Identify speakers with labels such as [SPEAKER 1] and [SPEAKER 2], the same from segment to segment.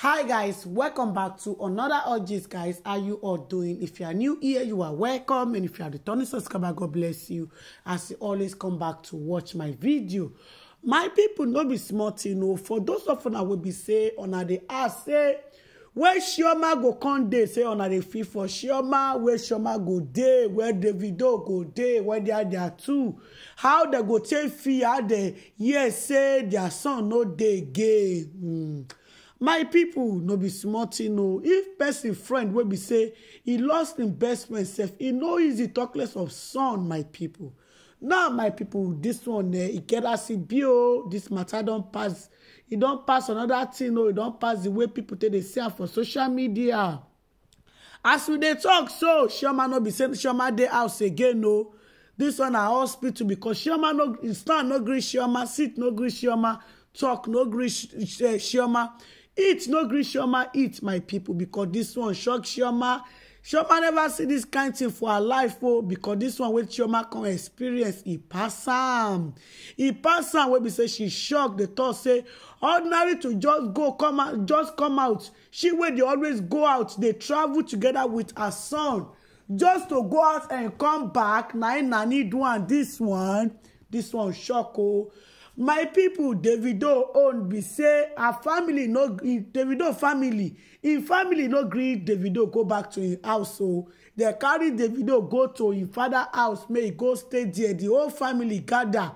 [SPEAKER 1] hi guys welcome back to another orgies guys how you all doing if you are new here you are welcome and if you are returning subscriber god bless you as you always come back to watch my video my people no be smart, you oh. know. for those of una will be say una dey ask say where chioma go come day, say on dey feel for chioma where chioma go day, where davido go day, where they are there too how they go take feel how they Yes, say their son no dey gay. Mm my people no be small tin o if person friend wey be say he lost im best friend sef e no easy talk less of son my people. now my people, this one e get as e be oh. This matter don pass e don pass another thing oh. e don pass the way people take dey see am for social media as we dey talk so chioma no be say chioma dey house again oh. This one na hospital because chioma no stand no gree chioma sit no gree chioma talk no gree eh, chioma eat no gree Shoma. eat my people because this one shock Shoma. Shoma never see this kind thing for her life oh! Because this one with Shoma come experience e pass am e pass am wey be say she shocked. The thought say ordinary to just go come out just come out she where they always go out They travel together with her son just to go out and come back na im na need one dis one This one shock Oh my pipo davido own be say her family no davido family im family no gree davido go back to im house o dem carry davido go to im father house make e go stay there The whole family gather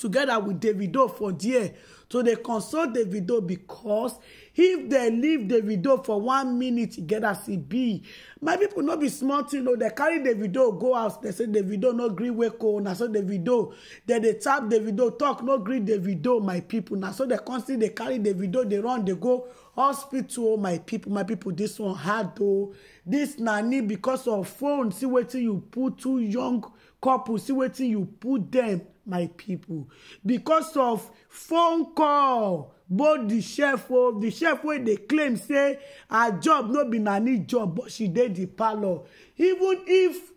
[SPEAKER 1] together with davido for there to dey console davido because if dem leave davido for one minute e get as e be my people no be small tin o dem carry davido go house dem say davido no gree wake o na so davido dem dey tap davido talk no gree davido my people. na so dem constantly dey carry davido dey run dey go hospital oh, my people. my people, this one hard o This nanny because of phone see wetin you put two young couple see wetin you put them my people because of phone call both the chef oh the chef wey dey claim say her job no be na job but she dey the parlour even if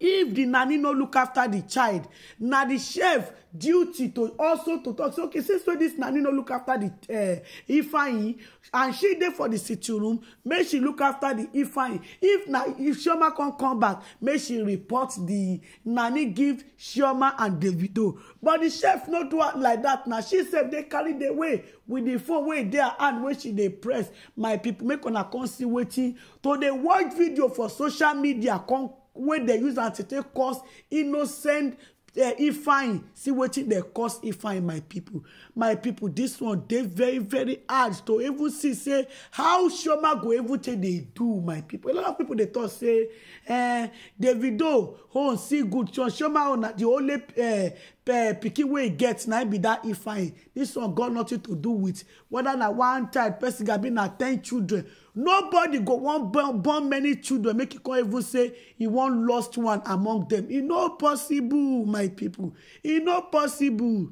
[SPEAKER 1] if the nanny no look after the child na the chef duty to also to talk say okay since wey this nanny no look after the uh, ifeanyi and she dey for the sitting room make she look after the ifeanyi if na if Shoma come come back make she report the nanny give Shoma and davido but the chef no do am like that na she sef dey carry the way with the phone wey e dey her hand wey she dey press my people make una come see wetin to dey watch video for social media come wey dey use am to take cause innocent eh, ifeanyi see wetin dey cause ifeanyi my pipo my pipo dis one dey very very hard to even see say how shoma go even take dey do my pipo a lot of pipo dey talk say eh davido Oh, see good shoma own oh, na the only eh, pikin wey e get na be dat ifeanyi This one got nothing to do with whether na one child person gabi na ten children nobody go wan born born many children make you come even say e wan lost one among them. e no possible my people. e no possible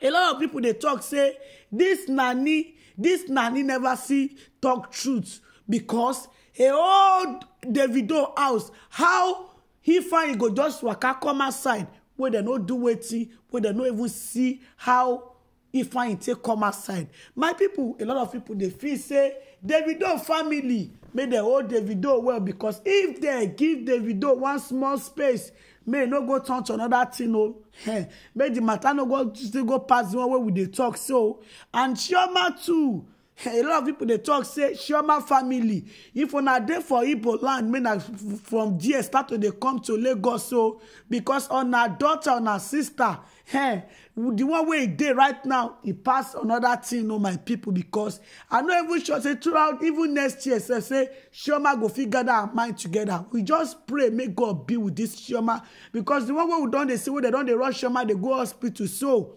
[SPEAKER 1] a lot of people dey talk say this nanny this nanny never see talk truth because a old davido house how he find go just waka come outside wey dem no do wetin wey dem no even see how ifeanyi take come outside my people a lot of people dey feel say davido family make dem hold davido well because if dem give davido one small space may no go turn to another thing o oh. may the matter no go still go pass the one wey we dey talk so and chioma too a lot of people they talk say Shoma family if una day for igbo land men from there start to they come to lagos So because on our daughter on our sister hey, eh, the one way they right now e pass another thing on my people because i know every sure say throughout even next year say Shoma go figure that mind together we just pray may god be with this Shoma because the one wey we don they see wey don't they rush Shoma they go hospital so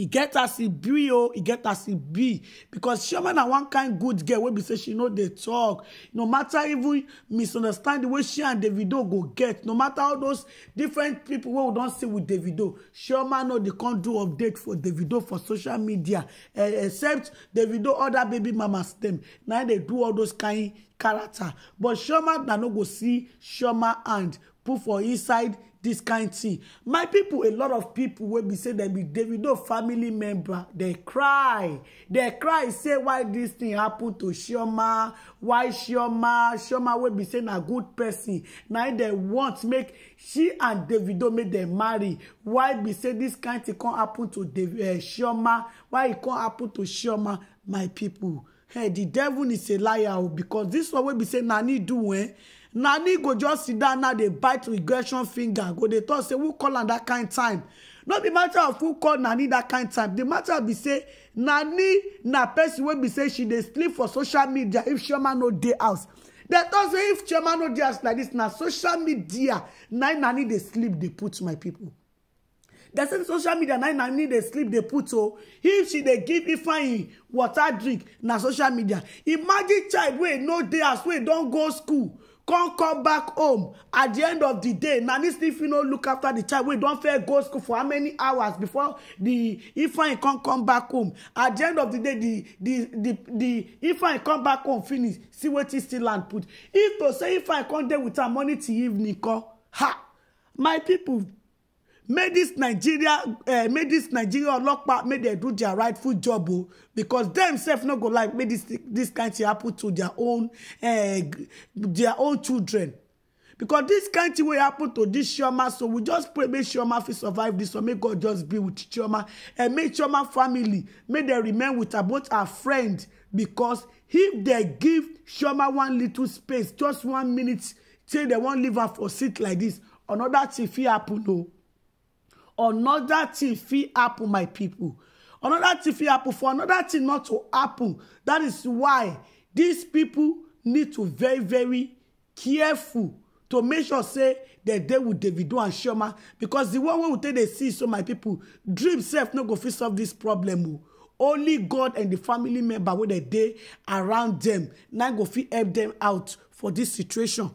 [SPEAKER 1] e get as e be oh, e get as e be because chioma na one kind good girl wey be say she no dey talk no matter even misunderstand the way she and davido go get no matter all those different people wey we don see with davido chioma no dey come do update for davido for social media e, except davido other baby mamas dem na dey do all those kind character but chioma na no go see chioma hand put for inside This kind thing my people. a lot of people will be saying dem be davido family member They cry They cry say why this thing happen to Shoma? why Shoma? Shoma will be saying a good person Now they dem want make she and davido make dem marry why be say this kind thing can't happen to eh, Shoma? why it e can't happen to Shoma? my people. hey eh, the devil is a liar oh, because this one will be saying na need do eh nani go just sit down now They bite regression finger go They talk say who call am dat kain time Not the matter of who call nani dat kain time The matter be say nani na person wey be say she dey sleep for social media if chioma no day house they talk say if chioma no day house like this na social media na nani dey sleep They put my people. dem say social media na nani dey sleep They put o oh. if she dey give ifeanyi water drink na social media imagine child wey no day house wey don't go school come come back home at the end of the day nanny if you no look after the child wey don fair go school for how many hours before di infant come come back home at the end of the day the the the di infant come back home finish see wetin still land put if to say infant come dey with am morning till evening come ha my people. Made this nigeria uh, eh, may this nigeria ọlọ́pàá may they do their rightful job o because them sef no go like make this this kind thing happen to their own uh, their own children because this kind thing wey happen to this Chioma so we just pray make Chioma fit survive this one make God just be with Chioma and eh, make Chioma family make dem remain with her both her friend because if dem give Chioma one little space just one minute say dem wan leave her for seat like this another thing fit happen o. No another thing fit happen my people another thing fit happen for another thing not to happen that is why these people need to very very careful to make sure say dem dey with davido and chioma because the one wey we take dey see so my people dream sef no go fit solve this problem o oh. only god and the family member wey dey dey around dem na go fit help dem out for this situation.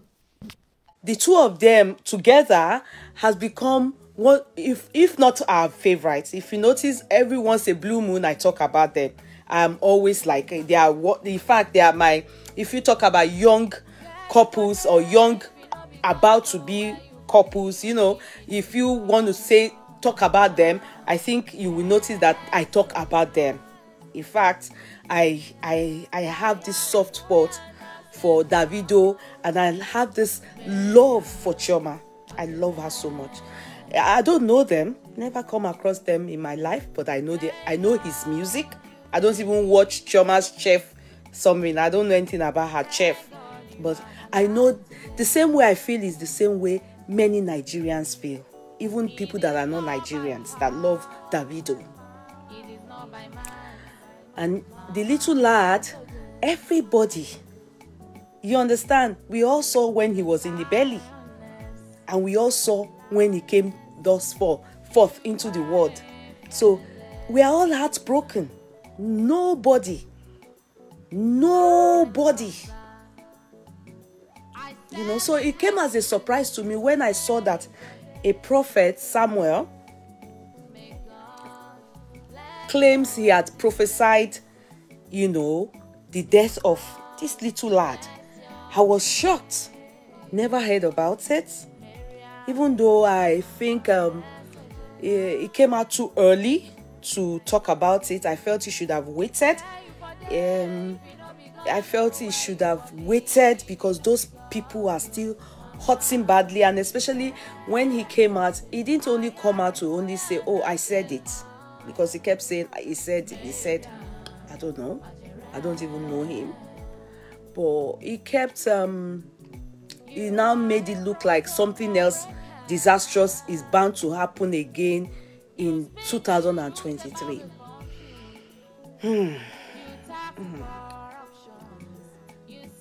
[SPEAKER 1] the two of them together has become what if
[SPEAKER 2] if not our favorites if you notice every once a blue moon i talk about them i'm always like eh, they are what in fact they are my if you talk about young couples or young about to be couples you know if you want to say talk about them i think you will notice that i talk about them in fact i i i have this soft spot for davido and i have this love for Choma. i love her so much I don't know them, never come across them in my life, but I know the I know his music. I don't even watch Choma's chef something. I don't know anything about her chef. But I know the same way I feel is the same way many Nigerians feel. Even people that are not Nigerians that love Davido. And the little lad, everybody, you understand, we all saw when he was in the belly. And we all saw when he came thus forth, forth into the world. So we are all heartbroken. Nobody, nobody. You know, so it came as a surprise to me when I saw that a prophet, Samuel, claims he had prophesied, you know, the death of this little lad. I was shocked. Never heard about it even though I think um, it, it came out too early to talk about it, I felt he should have waited. Um, I felt he should have waited because those people are still hurting badly, and especially when he came out, he didn't only come out to only say, "Oh, I said it," because he kept saying, "He said," "He said," I don't know, I don't even know him, but he kept. Um, he now made it look like something else disastrous is bound to happen again in 2023. Hmm. I, hmm.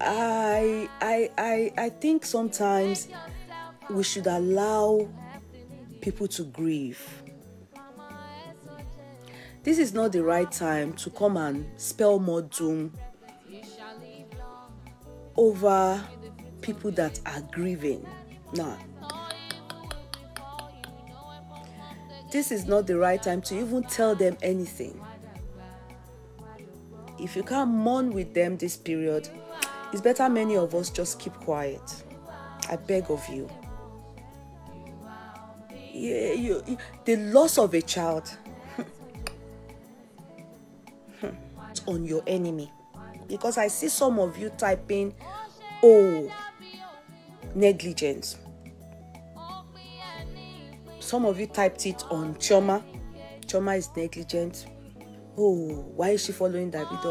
[SPEAKER 2] I, I, I think sometimes we should allow people to grieve. This is not the right time to come and spell more doom over people that are grieving. Now, this is not the right time to even tell them anything. If you can't mourn with them this period, it's better many of us just keep quiet. I beg of you. Yeah, you, you the loss of a child on your enemy because I see some of you typing, oh, negligence. Some of you typed it on Choma. Choma is negligent. Oh, why is she following David up?